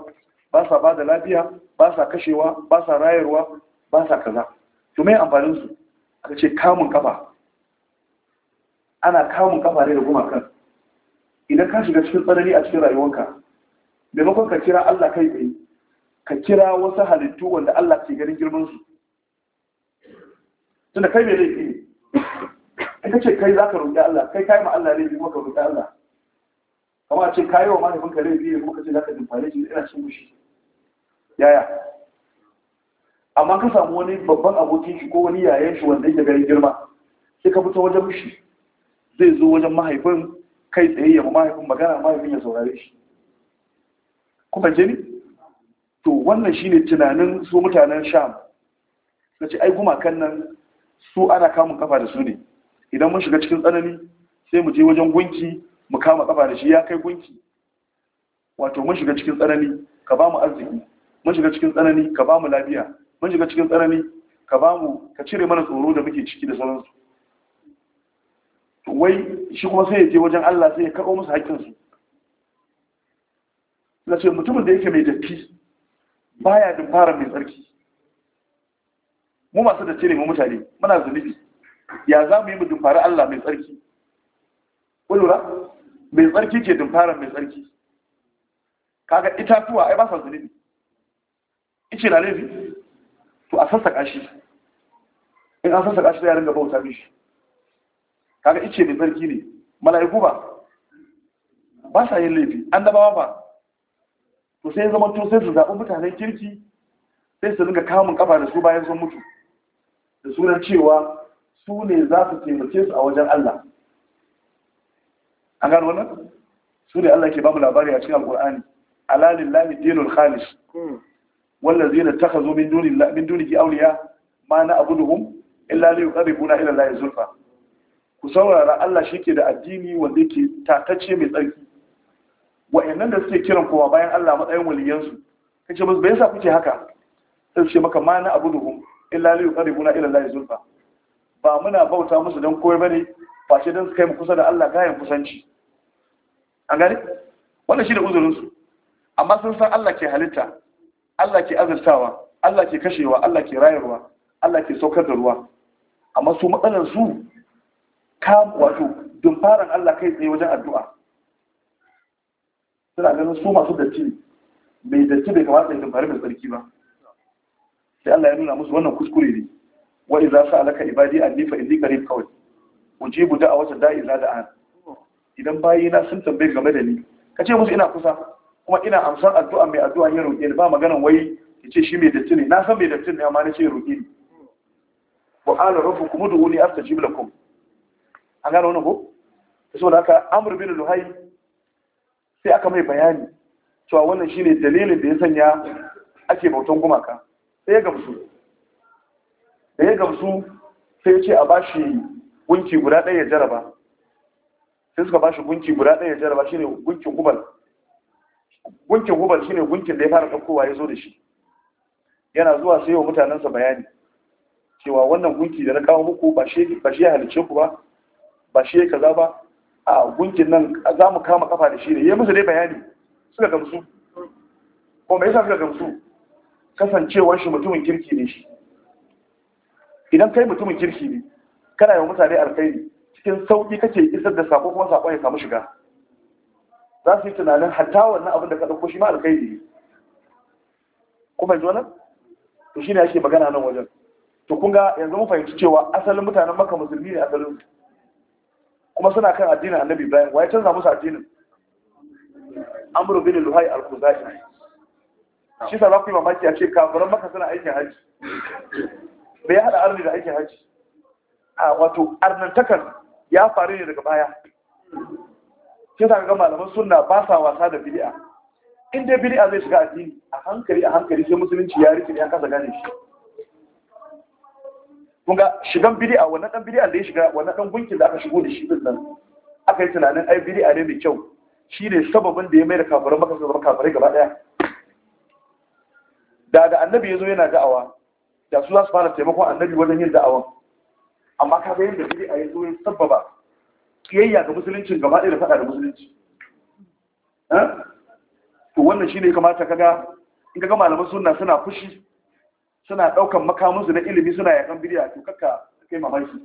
ba sa ba da lafiya ba sa kashewa ba sa rayarwa ba sa kaza to mai amfanin su aka ce kamun kafa ana kamun kafa ne da gumakan idan ka shiga cikin tsanani a cikin rayuwarka maimakon ka kira Allah kai tsaye ka kira wasu halittu wanda Allah ke ganin girman su tunda kai mai laifi ne in ka ce kai za ka roƙi Allah kai kai ma Allah laifi kuma ka roƙi Allah kamar ce kai wa mahaifinka laifi ne kuma ka ce za ka dimfare shi ina cin mushi yaya amma ka samu wani babban abokin shi ko wani yayan shi wanda yake ganin girma sai ka fito wajen mushi zai zo wajen mahaifin kai tsaye ya mahaifin magana mahaifin ya saurare shi kuma je to wannan shine tunanin su mutanen sham na ce ai gumakan nan su ana kamun kafa da su ne idan mun shiga cikin tsanani sai mu je wajen gunki mu kama kafa da shi ya kai gunki wato mun shiga cikin tsanani ka ba mu arziki mun shiga cikin tsanani ka ba mu lafiya mun shiga cikin tsanani ka ba mu ka cire mana tsoro da muke ciki da sauransu wai shi kuma sai ya je wajen Allah sai ya karɓo musu haƙƙinsu na ce mutumin da yake mai datti baya da fara mai tsarki mu masu da cire mu mutane muna zunubi ya za mu yi mu dumfari Allah mai tsarki ƙulura mai tsarki ke dumfarin mai tsarki kaga itatuwa ai ba sa zunubi ice na laifi to a sassaƙa shi in an sassaƙa shi da yarin gaba wuta mishi kaga ice mai tsarki ne mala'iku ba ba sa yin laifi an dabawa ba to sai zama to sai su zaɓi mutanen kirki sai su ringa kamun kafa da su bayan sun mutu da sunan cewa su ne za su taimake su a wajen Allah an gano wannan su ne Allah ke ba mu labari a cikin alkur'ani alalin Lami dinul khalis hmm. wanda zai da taka zo min duniki auliya ma na abuduhum illa li yuqarribuna ila allahi zurfa. ku saurara Allah shi ke da addini wanda ke takace mai tsarki wa'annan da suke kiran kowa bayan Allah matsayin waliyansu kace musu bai sa kuke haka sai ce maka mana abuduhum illa li yuqarribuna ila Allah zulfa ba muna bauta musu dan koyar bane face dan su kai mu kusa da Allah gayan kusanci an gani wannan shi da uzurin su amma sun san Allah ke halitta Allah ke azurtawa Allah ke kashewa Allah ke rayarwa Allah ke saukar da ruwa amma su matsalar su ka wato dumfaran Allah kai tsaye wajen addu'a suna ganin su masu datti ne mai datti bai kamata ya tambari mai tsarki ba sai Allah ya nuna musu wannan kuskure ne wa idza sa'alaka ibadi anni fa inni qarib kawai ujibu da'awata da'i da da'an idan bayina sun tambaye game da ni kace musu ina kusa kuma ina amsar addu'a mai addu'a ya roƙe ba maganan wai ya ce shi mai datti ne na san mai datti ne amma na ce roƙe ni wa ala rabbukum kuma ud'uni astajib lakum an gano wannan ko saboda haka amr bin luhay sai aka mai bayani cewa wannan shine dalilin da ya sanya ake bautan gumaka sai ya gamsu da ya gamsu sai ya ce a bashi gunki guda ɗaya ya jaraba sai suka bashi gunki guda ɗaya ya jaraba shine gunkin hubal gunkin hubal shine gunkin da ya fara ɗaukowa ya zo da shi yana zuwa sai wa mutanensa bayani cewa wannan gunki da na kawo muku ba shi ya halicce ku ba ba shi ya kaza ba a gunkin nan za mu kama kafa da shi ne ya musu dai bayani suka gamsu ko mai yasa suka gamsu kasancewar shi mutumin kirki ne shi idan kai mutumin kirki ne kana yawan mutane alkhairi cikin sauƙi kake isar da sako kuma sako ya samu shiga za su yi tunanin hatta wannan abin da ka ɗauko shi ma alkhairi ne kuma ji wannan to ne ake magana nan wajen to kun ga yanzu mu fahimci cewa asalin mutanen maka musulmi ne asalin su kuma suna kan addinin annabi ibrahim waye canza musu addinin amru bin luhai al-khuzai shi sa za ku mamaki a ce kafiran maka suna aikin haji bai hada arni da aikin haji a wato arnan takan ya faru ne daga baya shi sa ga malaman sunna ba sa wasa da bid'a in dai bid'a zai shiga addini a hankali a hankali sai musulunci ya rike ya kasa gane shi kuma shigan bid'a wannan dan bid'a da ya shiga wannan dan gunkin da aka shigo da shi din nan aka yi tunanin ai bid'a ne mai kyau shi ne sababin da ya mai da kafirin maka zama kafirai gaba daya da annabi ya zo yana da'awa da su za su fara taimakon annabi wajen yin da'awan amma ka ga yadda bid'a ya zo ya sababa kiyayya ga musuluncin gaba ɗaya da faɗa da musulunci eh? to wannan shine kamata kaga in kaga malaman sunna suna fushi suna ɗaukan makamansu na ilimi suna yakan bidiya to kaka kai mamaki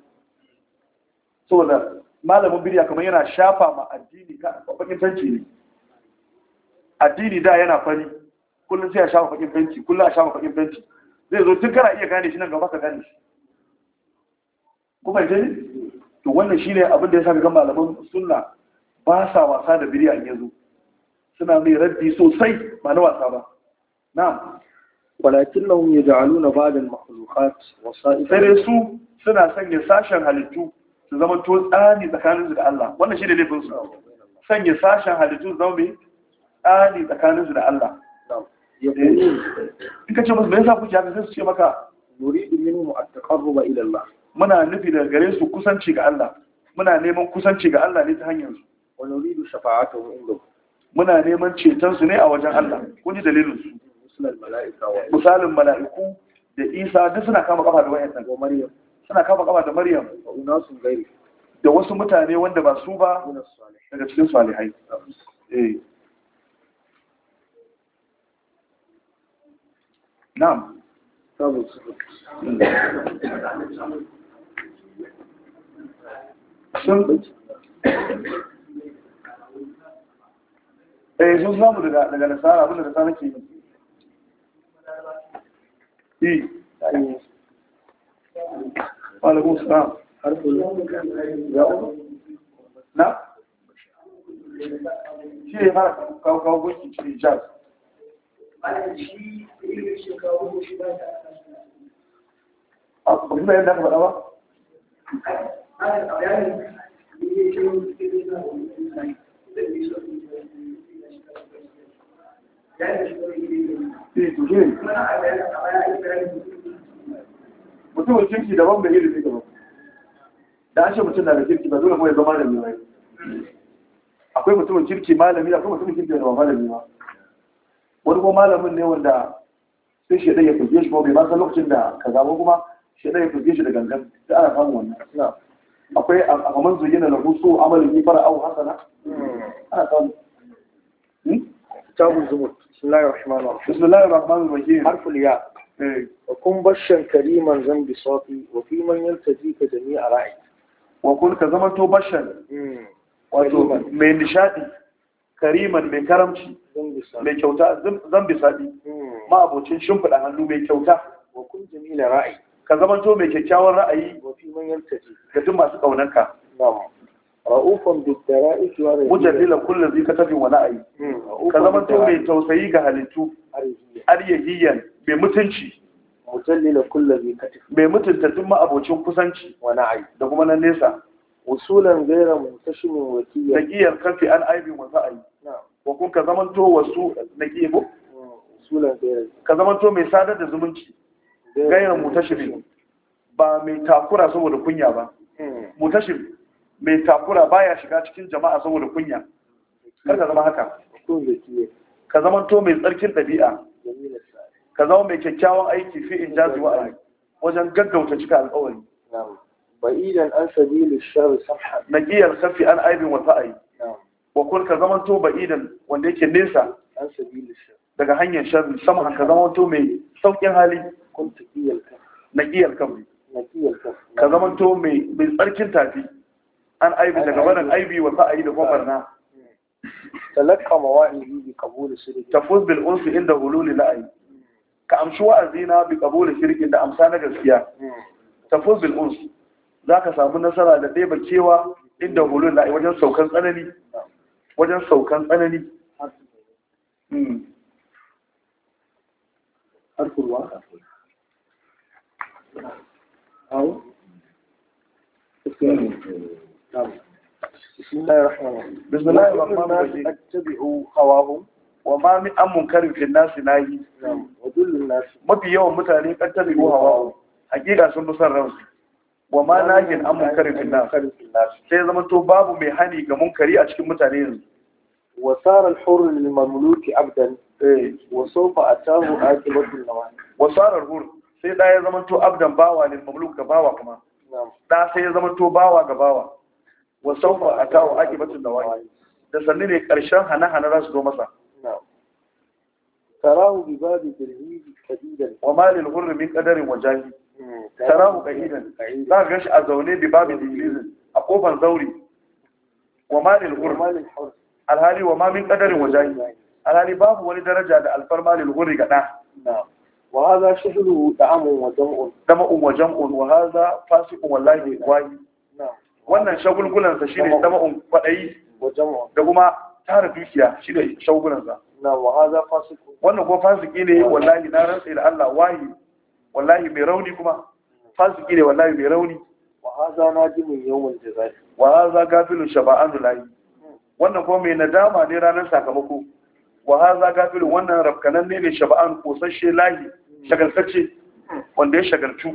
saboda malamin bidiya kamar yana shafa ma addini ka bakin tanci ne addini da yana fari kullum sai ya shafa bakin fenti kullum a shafa bakin fenti zai zo tun kana iya gane shi nan gaba ka gane shi kuma jini to wannan shine abin da ya saka ga malaman sunna ba sa wasa da bidiya in yazo suna mai rabbi sosai ba na wasa ba na'am Walakin walakinnahum yaj'aluna ba'd al-makhluqat wasa'if sai su suna sanya sashen halittu su zama to tsani tsakanin su da Allah wannan shi ne laifin su sanya sashen halittu zama mai tsani tsakanin su da Allah in ka ce musu me yasa kuke haka sai su ce maka nuridu minhum at-taqarruba ila Allah muna nufi daga gare su kusanci ga Allah muna neman kusanci ga Allah ne ta hanyar su Wani wa nuridu shafa'atuhum indahu muna neman ceton su ne a wajen Allah kun ji dalilin su misalin mala'iku da isa duk suna kama kafa da wayan da maryam suna kama kafa da maryam gairi da wasu mutane wanda ba su ba daga cikin salihai eh na'am sun eh, sun samu daga daga nasara abinda nasara ke yi Ibi ṣe ń gbé ní àwọn ọmọ ìrìnlẹ̀ ìṣòro ìjọba. Mutum mutumin kirki daban da ilimi daban da ashe mutum na da kirki ba dole kuma ya zama malami ba akwai mutumin kirki malami akwai mutumin kirki da ba malami ba wani kuma malamin ne wanda sai shaidan ya fuge shi kuma bai lokacin da ka zama kuma shaidan ya fuge shi da gangan da ana samun wannan akwai a kaman zuyina lahu su amalin yi fara au hasana hmm. ana samun hmm? tabun zubut بسم الله الرحمن الرحيم حرف الياء وكن بشا كريما وفي من يلتزيك رأي وكن بشا mai kariman mai karamci mai kyauta zambi sadi hmm. ma'abocin shimfiɗa hannu mai kyauta wa kun ra'ayi ka zamanto mai kyakkyawan ra'ayi ga duk masu ƙaunanka ra'ufan biddara'i mujallila kullu zai katafin wani ayi hmm, ka zama to mai tausayi ga halittu aryahiyan mai mutunci mujallila kullu zai katafin mai mutunta duk ma'abocin kusanci wani ayi da kuma nan nesa usulan gaira muntashimin wakiyya naqiyar kafi an aibin wa sa'ayi wa kun ka zama to wasu naqiyi ko hmm, usulan gaira ka zama to mai sadar da zumunci gaira muntashimin ba mai takura saboda kunya ba hmm. muntashimin mai takura baya shiga cikin jama'a saboda kunya kar ka zama haka ka zama to mai tsarkin ɗabi'a ka zama mai kyakkyawan aiki fi in jazi wa'ayi wajen gaggauta cika alƙawari ba'idan an sabili shar safha naqiyal khafi an aibin wa ta'ayi wa kun ka zama to ba'idan wanda yake nesa daga hanyar sharri saman ka zama to mai sauƙin hali Na taqiyal khafi naqiyal ka zama to mai tsarkin tafi an aibi daga wannan aibi wa sa'ayi da kuma barna talakka mawa'izi bi qabuli shirki tafuz bil unsi inda hululi la'ayi ka amshi wa'azina bi qabuli shirki da amsa na gaskiya hmm. tafuz bil unsi zaka samu nasara da dai cewa inda hulul la'ayi wajen saukan tsanani wajen saukan tsanani hmm. harkul waka بسم الله الرحمن الرحيم بسم الله الرحمن الرحيم اتبعوا هواهم وما من منكر في الناس ناهي ودل الناس ما في يوم متاني اتبعوا هواهم sun bi son ransu wa ma an munkari fil nas sai zama to babu mai hani ga munkari a cikin mutane yanzu wa sara al-hurr lil mamluki abdan wa sawfa atahu aqibatu al-nawan wa sara al sai da ya zama to abdan bawa lil mamluk ga bawa kuma da sai ya to bawa ga bawa wa a atahu akibatun nawahi da sanni ne karshen hana-hana za su zo masa tarahu bi bi dirhimi kadidan wa malil hurri min qadarin wa jahi hmm. tarahu kadidan za ka gashi a zaune bi bi dirhimi a kofar zauri wa malil hurri alhali wa ma min qadarin wa jahi alhali babu wani daraja da alfar malil hurri ga da wa hadha shahru da'amun wa jam'un dama'un wa jam'un wa hadha fasiqun wallahi wahi wannan shagulgulansa shi ne sama'un kwaɗayi da kuma tara dukiya shi ne shagulgulansa wannan kuma fasiki ne wallahi na rantsa da Allah wahi wallahi mai rauni kuma fasiki ne wallahi mai rauni wa'aza na jimin yawan jazari wa'aza gafilun shaba'anu layi wannan kuma mai nadama ne ranar sakamako wa'aza gafilun wannan rafkanan ne ne shaba'an kosashe layi shagaltacce wanda ya shagaltu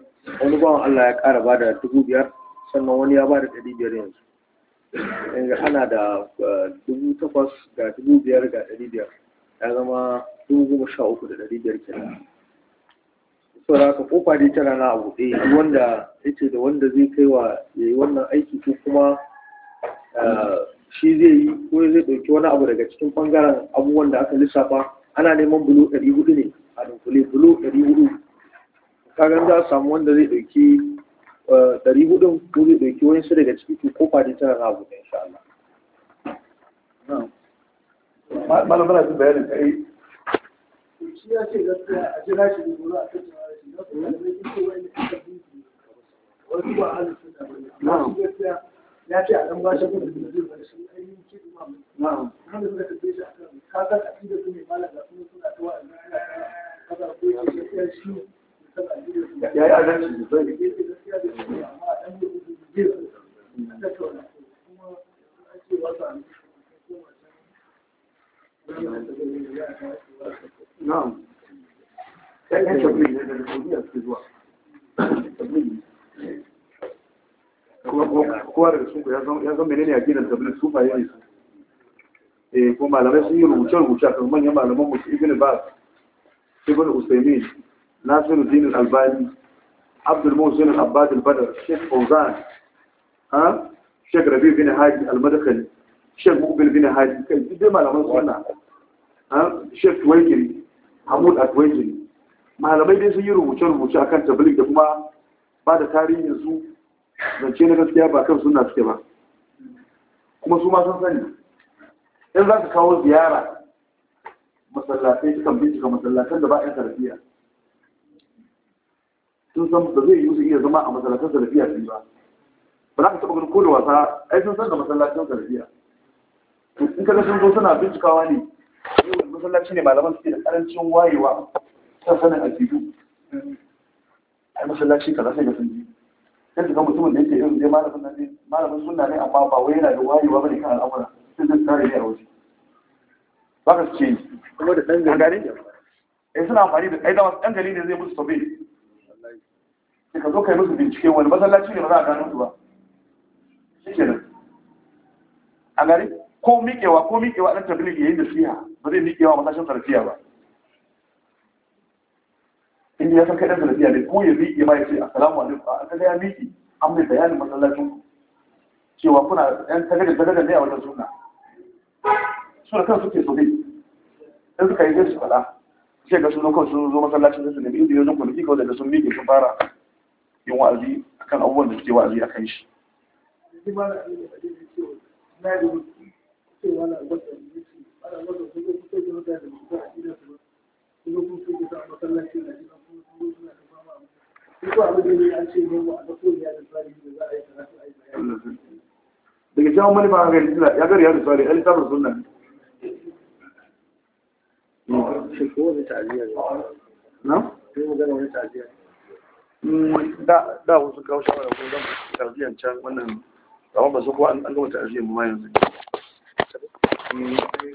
wani bawan Allah ya ƙara ba da dubu biyar sannan wani ya ba da ɗari biyar yanzu yanzu ana da eh, dubu takwas ga dubu biyar ga ɗari biyar ya zama dubu goma sha uku da ɗari biyar kenan so da haka kofa dai tana na abu ɗaya wanda ya ce da wanda zai kai wa ya yi wannan aiki ko kuma eh, shi zai yi ko zai ɗauki wani abu daga cikin ɓangaren abubuwan da aka lissafa ana neman bulo ɗari hudu ne a dunkule bulo ɗari hudu kagan za a samu wanda zai ɗauki ɗari hudun ko zai ɗauki wani su daga ciki ko kwadi tara za a buɗe insha Allah. Malam mana su bayanin kai. Shi ya ce gaskiya a jira shi da gobe a tattauna da shi da wani ba halin suna ba ne. gaskiya ya ce a ɗan ba shi kuma da zai bar shi ainihin ce ma mutum. Wanda suka tafi shi a kan kasar a fi da su ne malam da kuma suna ta wa'azin ana kasar ko shi gaskiya ya adalci da zai da sun ya san menene aƙidar tabbin su su eh, malamai sun yi rubuce-rubuce a kan manyan malaman musu ibn bas ibn nasiruddin al-albani abdul muhsin al-abbad al sheikh fawzan sheikh rabi bin hadi al sheikh mukbil bin hadi kai duk malaman sunna ha sheikh waykiri hamud at-waykiri malamai dai sun yi rubuce-rubuce a kan tablik da kuma ba da tarihin su zance na gaskiya ba kan suna suke ba kuma su ma sun sani in za su kawo ziyara masallatai kakan bincika masallatan da ba 'yan tarbiyya sun san ba zai yi su iya zama a masallacin salafiya su ba ba za ka taɓa ganin ko da wasa ai sun san da masallacin salafiya in ka ga sun zo suna bincikawa ne yau eh, masallaci ne malaman suke da ƙarancin wayewa ta sanin aljihu. ai masallaci ka sai ga sun ji sai ka ga mutumin da yake irin dai malamin nan ne malamin sunna ne amma ba wai yana da wayewa ba ne kan al'amura sun san tsare ne a waje ba ka suke yi kuma da ɗan gari ne eh, suna amfani da ai da ɗan gari ne zai musu sobe sai ka zo kai musu bincike wani masallaci ne ba za a gano su ba shi ke nan a gari ko miƙewa ko miƙewa ɗan tabbili yayin da siya ba zai miƙewa masashin sarfiya ba in ya san kai ɗan sarfiya ne ko ya miƙe ma ya ce assalamu alaikum a kaga ya miƙe an mai bayanin masallacin cewa kuna ɗan tagada tagada ne a wajen suna su da kansu ke so bai ɗan suka yi zai su faɗa sai ga sunan sun zo masallacin su ne inda yanzu kwanaki kawai da sun miƙe sun fara yin wa'azi akan abubuwan da suke wa'azi akan shi daga jawon manufa ga yanzu ya gari ya da tsari ya littafin sunan na? Mm, da wasu kawo shawara ko zan tarbiyyar can wannan tsawon ba su ko an gama tarbiyyar ma yanzu mm,